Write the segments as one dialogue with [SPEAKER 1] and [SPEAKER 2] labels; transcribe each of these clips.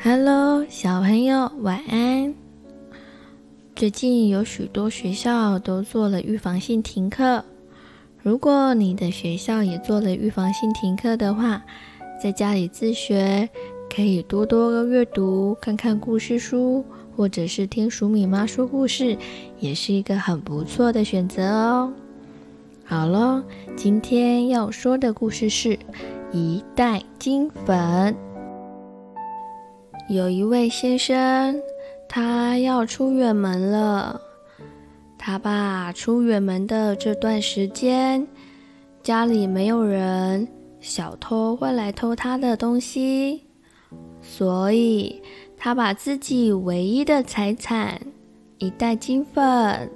[SPEAKER 1] Hello，小朋友，晚安。最近有許多學校都做了預防性停課。如果你的學校也做了預防性停課的話，在家裡自學可以多多個閱讀，看看故事書，或者是聽黍米媽說故事，也是一個很不錯的選擇哦。好了，今天要說的故事是《一袋金粉》。有一位先生，他要出遠門了。他怕出遠門的這段時間，家裡沒有人，小偷會來偷他的東西，所以他把自己唯一的財產——一袋金粉，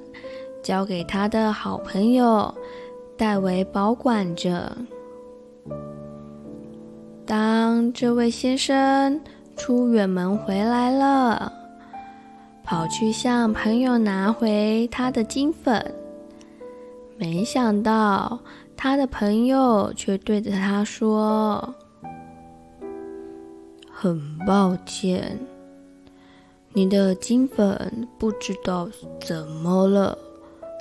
[SPEAKER 1] 交給他的好朋友代為保管着。當這位先生，出遠門回來了，跑去向朋友拿回他的金粉，沒想到他的朋友卻對着他說：“很抱歉，你的金粉不知道怎麼了，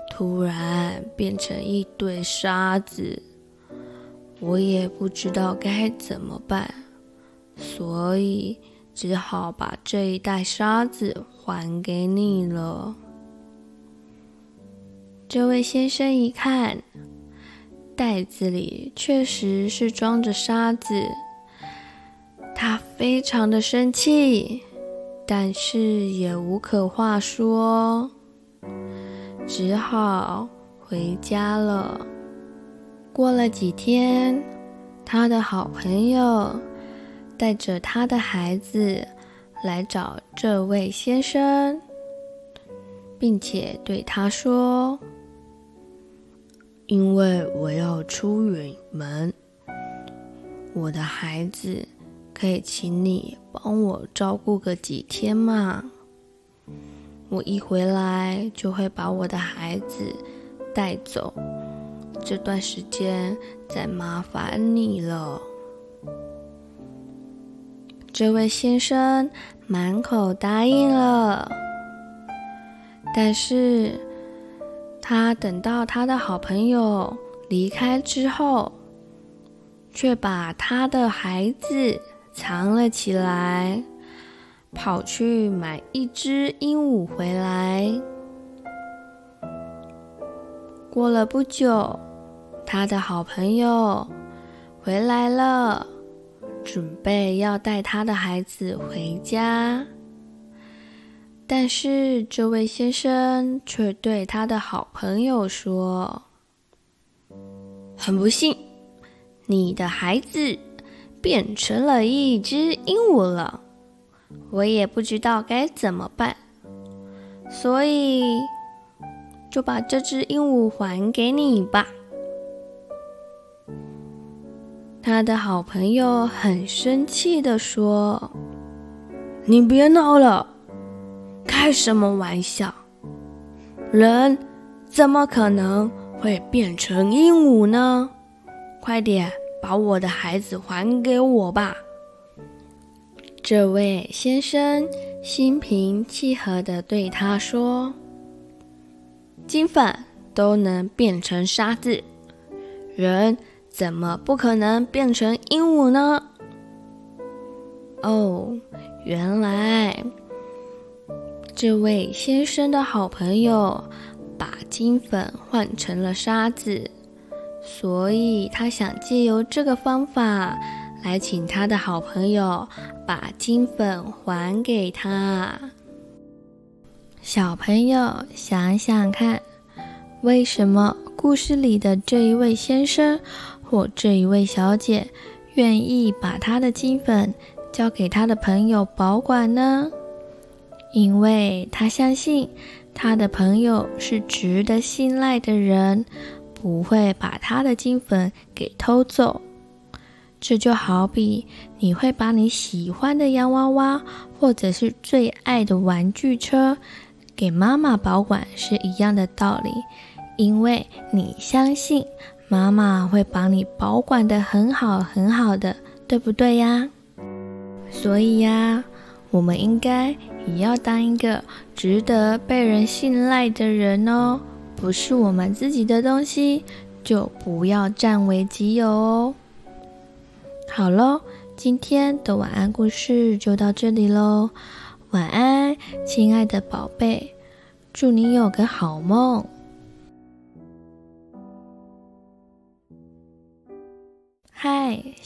[SPEAKER 1] 突然變成一堆沙子，我也不知道該怎麼辦。”所以只好把這一袋沙子還給你了。這位先生一看，袋子裡確實是裝着沙子，他非常的生氣，但是也無可話說，只好回家了。過了幾天，他的好朋友，帶着他的孩子來找這位先生，並且對他說：“因為我要出遠門，我的孩子可以請你幫我照顧個幾天嗎？我一回來就會把我的孩子帶走。這段時間再麻煩你了。”這位先生滿口答應了，但是他等到他的好朋友離開之後，卻把他的孩子藏了起來，跑去買一隻鸚鵡回來。過了不久，他的好朋友回來了。準備要帶他的孩子回家，但是這位先生卻對他的好朋友說：“很不幸，你的孩子變成了一隻鸚鵡了，我也不知道該怎麼辦，所以就把這隻鸚鵡還給你吧。”他的好朋友很生氣地說：“你別鬧了，開什麼玩笑？人怎麼可能會變成鸚鵡呢？快點把我的孩子還給我吧！”這位先生心平氣和地對他說：“金粉都能變成沙子，人……”怎麼不可能變成鸚鵡呢？哦，原來這位先生的好朋友把金粉換成了沙子，所以他想借由這個方法來請他的好朋友把金粉還給他。小朋友想想看，為什麼故事裡的這一位先生我這一位小姐願意把她的金粉交給她的朋友保管呢？因為她相信她的朋友是值得信賴的人，不會把她的金粉給偷走。這就好比你會把你喜歡的洋娃娃或者是最愛的玩具車給媽媽保管是一樣的道理，因為你相信。媽媽會把你保管得很好很好的，對不對呀？所以呀，我們應該也要當一個值得被人信賴的人哦。不是我們自己的東西，就不要占為己有哦。好嘍，今天的晚安故事就到這裡嘍。晚安，親愛的寶貝，祝你有個好夢。